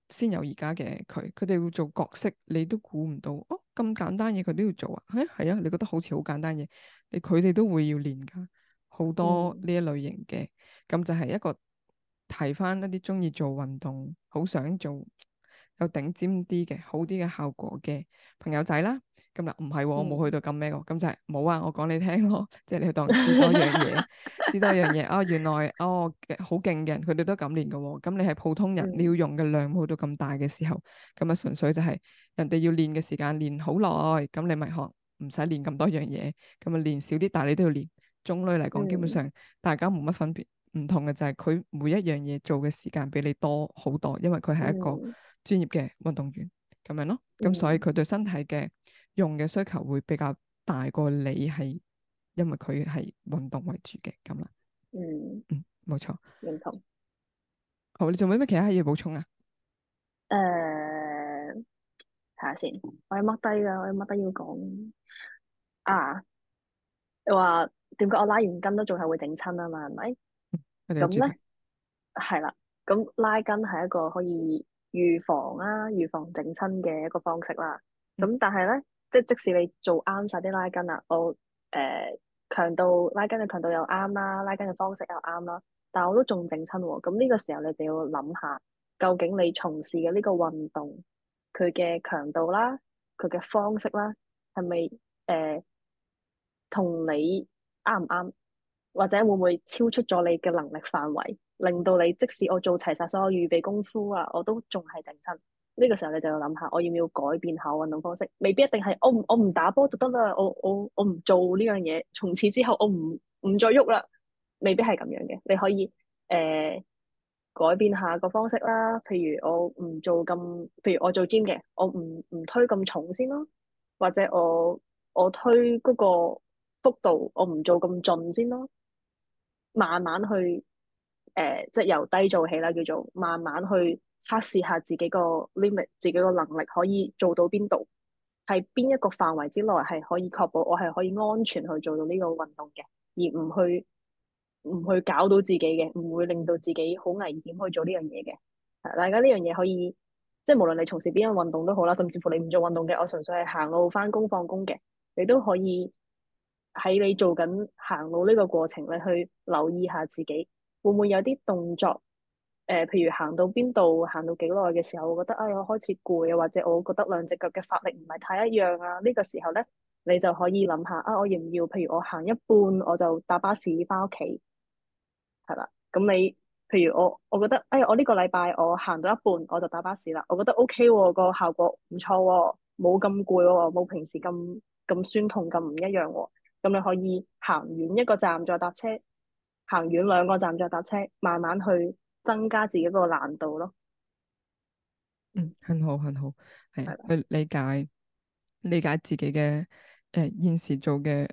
先有而家嘅佢。佢哋要做角色，你都估唔到哦，咁簡單嘢佢都要做啊？係係啊，你覺得好似好簡單嘢，你佢哋都會要練㗎，好多呢一類型嘅。咁、嗯、就係一個提返一啲鍾意做運動，好想做有頂尖啲嘅好啲嘅效果嘅朋友仔啦。今日唔係喎，哦嗯、我冇去到咁咩喎，咁就係冇啊！我講你聽咯，即係你去當知多樣嘢， 知多樣嘢啊、哦！原來哦，好勁嘅，佢哋都咁練嘅喎。咁你係普通人，嗯、你要用嘅量冇到咁大嘅時候，咁啊純粹就係人哋要練嘅時間練好耐，咁你咪學唔使練咁多樣嘢，咁啊練少啲，但係你都要練。種類嚟講，基本上大家冇乜分別，唔、嗯、同嘅就係佢每一樣嘢做嘅時間比你多好多，因為佢係一個專業嘅運動員，咁、嗯、樣咯。咁所以佢對身體嘅用嘅需求會比較大過你係，因為佢係運動為主嘅咁啦。嗯嗯，冇錯、嗯，認同。好，你仲有咩其他嘢要補充啊？誒、呃，睇下先，我哋 mark 低噶，我哋 mark 低要講啊。你話點解我拉完筋都仲係會整親啊？嘛係咪？咁咧係啦，咁拉筋係一個可以預防啊，預防整親嘅一個方式啦。咁、嗯、但係咧。即即使你做啱晒啲拉筋啦，我誒、呃、強度拉筋嘅強度又啱啦，拉筋嘅方式又啱啦，但我都仲整親喎。咁呢個時候你就要諗下，究竟你從事嘅呢個運動佢嘅強度啦，佢嘅方式啦，係咪誒同你啱唔啱？或者會唔會超出咗你嘅能力範圍，令到你即使我做齊晒所有預備功夫啊，我都仲係整親。呢個時候你就要諗下，我要唔要改變下運動方式？未必一定係我唔我唔打波就得啦，我我我唔做呢樣嘢，從此之後我唔唔再喐啦。未必係咁樣嘅，你可以誒、呃、改變下個方式啦。譬如我唔做咁，譬如我做 gym 嘅，我唔唔推咁重先咯，或者我我推嗰個幅度，我唔做咁盡先咯，慢慢去誒、呃，即係由低做起啦，叫做慢慢去。測試下自己個 limit，自己個能力可以做到邊度，喺邊一個範圍之內係可以確保我係可以安全去做到呢個運動嘅，而唔去唔去搞到自己嘅，唔會令到自己好危險去做呢樣嘢嘅。大家呢樣嘢可以，即係無論你從事邊樣運動都好啦，甚至乎你唔做運動嘅，我純粹係行路返工放工嘅，你都可以喺你做緊行路呢個過程，你去留意下自己會唔會有啲動作。誒、呃，譬如行到邊度，行到幾耐嘅時候，我覺得，哎，我開始攰啊，或者我覺得兩隻腳嘅發力唔係太一樣啊，呢個時候咧，你就可以諗下，啊，我要唔要，譬如我行一半，我就搭巴士返屋企，係啦，咁你，譬如我，我覺得，哎，我呢個禮拜我行到一半，我就搭巴士啦，我覺得 OK 喎，個效果唔錯喎，冇咁攰喎，冇平時咁咁酸痛咁唔一樣喎，啊，咁你可以行遠一個站再搭車，行遠兩個站再搭車，慢慢去。增加自己嗰個難度咯。嗯，很好，很好，係去、啊、吧理解理解自己嘅誒、呃、現時做嘅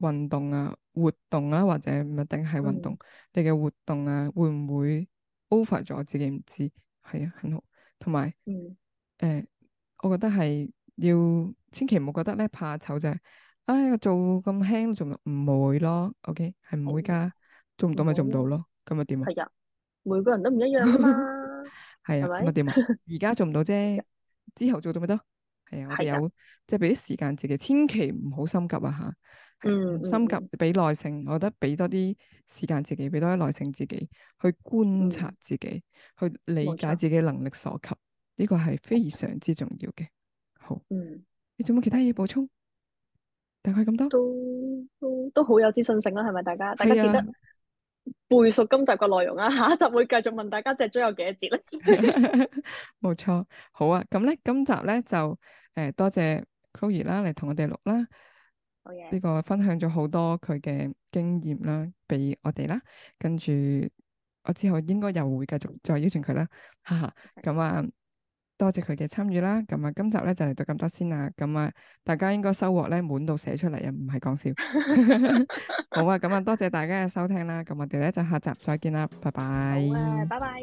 運動啊、活動啊，或者唔一定係運動、嗯、你嘅活動啊，會唔會 over 咗？我自己唔知係啊、哎，很好。同埋誒，我覺得係要千祈唔好覺得咧怕醜啫。唉、哎，做咁輕都仲唔會咯。OK，係唔會㗎做唔到咪做唔到咯。咁咪點啊？嗯嗯。每個人都唔一樣啊嘛，係啊，咁啊點啊？而家做唔到啫，之後做到咪得，係啊，我哋有即係俾啲時間自己，千祈唔好心急啊吓，嗯，心急俾耐性，我覺得俾多啲時間自己，俾多啲耐性自己，去觀察自己，去理解自己能力所及，呢個係非常之重要嘅，好，嗯，你仲有冇其他嘢補充？大概咁多，都都都好有資訊性啦，係咪？大家大家得。背熟今集嘅內容啦，啊，下一集會繼續問大家脊椎有幾多節咧？冇 錯， 好啊，咁咧今集咧就誒、呃、多謝 Chloe 啦，嚟同我哋錄啦，呢、oh、yeah. 個分享咗好多佢嘅經驗啦，俾我哋啦，跟住我之後應該又會繼續再邀請佢啦，哈哈，咁 Okay. 啊。多謝佢嘅參與啦，咁啊，今集咧就嚟到咁多先啦，咁啊，大家應該收穫咧滿到寫出嚟啊，又唔係講笑。好啊，咁啊，多謝大家嘅收聽啦，咁我哋咧就下集再見啦，拜拜。好啊，拜拜。